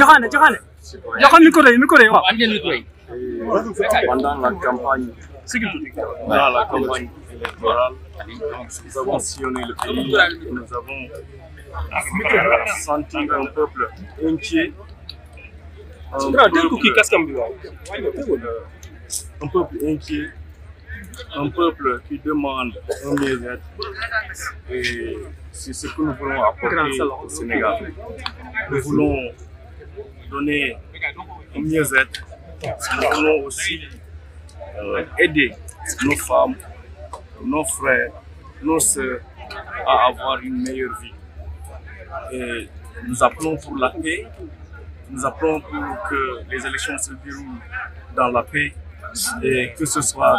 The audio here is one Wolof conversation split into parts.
joxaane joxaane joxoon micro yi micro yi waaw am ngeen micro yi pendant la campagne pendant la campagne électorale nous avons sillonné le pays nous avons senti un peuple inquiet un peuple inquiet un peuple qui demande un mieux-être et c'est ce que nous voulons apporter au Sénégal. Nous voulons donner un mieux-être. Nous voulons aussi euh, aider nos femmes, nos frères, nos sœurs à avoir une meilleure vie. Et nous appelons pour la paix, nous appelons pour que les élections se déroulent dans la paix et que ce soit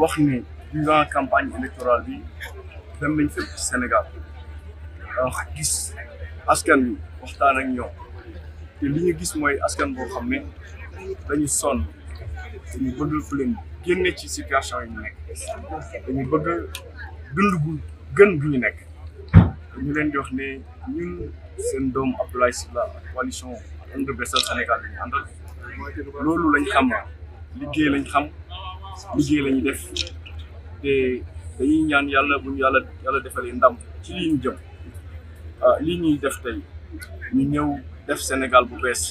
wax ni durant campagne électorale bi dem nañ fépp ci Sénégal wax gis askan wi waxtaan ak ñoom te li ñu gis mooy askan boo xam ne dañu sonn dañu bëgg fu leen génne ci situation yi ñu nekk dañu bëgg dund gu gën bu ñu nekk ñu leen di wax ne ñun seen doom Abdoulaye la coalition And Besal Sénégal bi ñu loolu lañ xam liggéey lañ xam liggéey lañu def te dañuy ñaan yàlla buñ yàlla yàlla defalee ndam ci lii jëm ah, lii ñuy def tey ñu ñëw def Sénégal bu bees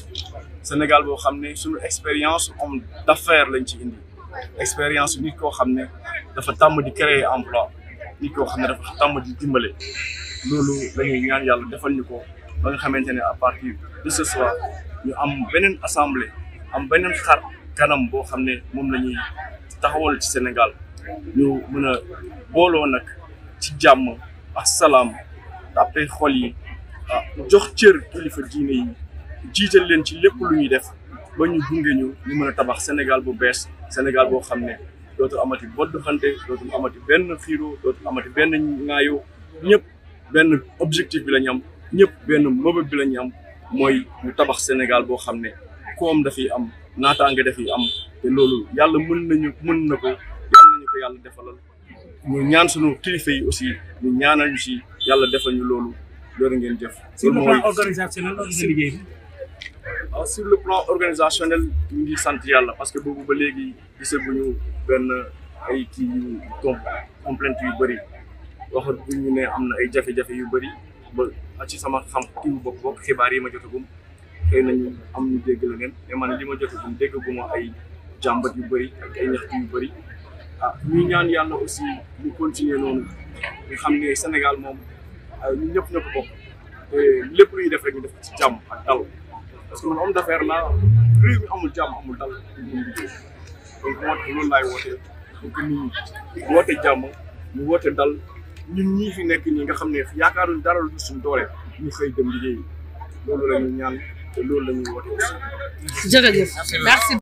Sénégal boo xam ne suñu expérience homme d'affaires lañ ci indi expérience nit koo xam ne dafa tàmm di créer emploi nit koo xam ne dafa tàmm di dimbale loolu lañuy ñaan yàlla defal ñu ko ba nga xamante ne à partir de ce soir am beneen assemblée am beneen xar kanam boo xam ne moom la ñuy taxawal ci senegal ñu mën a booloo nag ci jàmm a salaam tàppe xol yi ah, jox cër kilifa diine yi jiital leen ci lépp lu ñuy def ba ñu gunge ñu ñu mën a tabax Sénégal bu bees Sénégal boo xam ne dootul amati bodd xante dootul amati benn xiiroo dootul amati benn ŋaayoo ñëpp benn objectif bi la ñu am ñëpp benn mëbëb bi la am mooy ñu tabax senegal boo xam ne koom dafiy am naataange def yi am te loolu yàlla mën nañu mën na ko yàlla nañu ko yàlla defalal ñu ñaan sunu kilifa yi aussi ñu ñaanal ñu si yàlla defal ñu loolu loolu ngeen jëf. loolu mooy waaw ah, sur le plan organisationnel ñu ngi sant yàlla parce que boobu ba léegi gisaguñu benn ay kii yu tomb complainte yu bëri ñu ne am na ay jafe-jafe yu bëri ba aci sama xam kii bu bokk bokk xibaar yi ma jotagum. xëy nañu am ni dégg la ngeen mais man li ma jot a gu dégguma ay jàmbat yu bëri ak ay ñaxtu yu bëri ah ñuy ñaan yàlla aussi ñu continuer noonu nga xam ne Sénégal moom ah, ñun ñëpp ñëpp bokk te lépp lu ñuy ñu def ci jàmm ak dal parce que man homme amul jàmm amul dal donc moo tax loolu laay woote pour woote jàmm ñu woote dal ñun fi nekk nii nga xam ne yaakaaruñ dara lu suñu doole ñu xëy dem liggéey loolu la ñu ñaan te loolu la ñuy woote aussi. jërëjëf merci.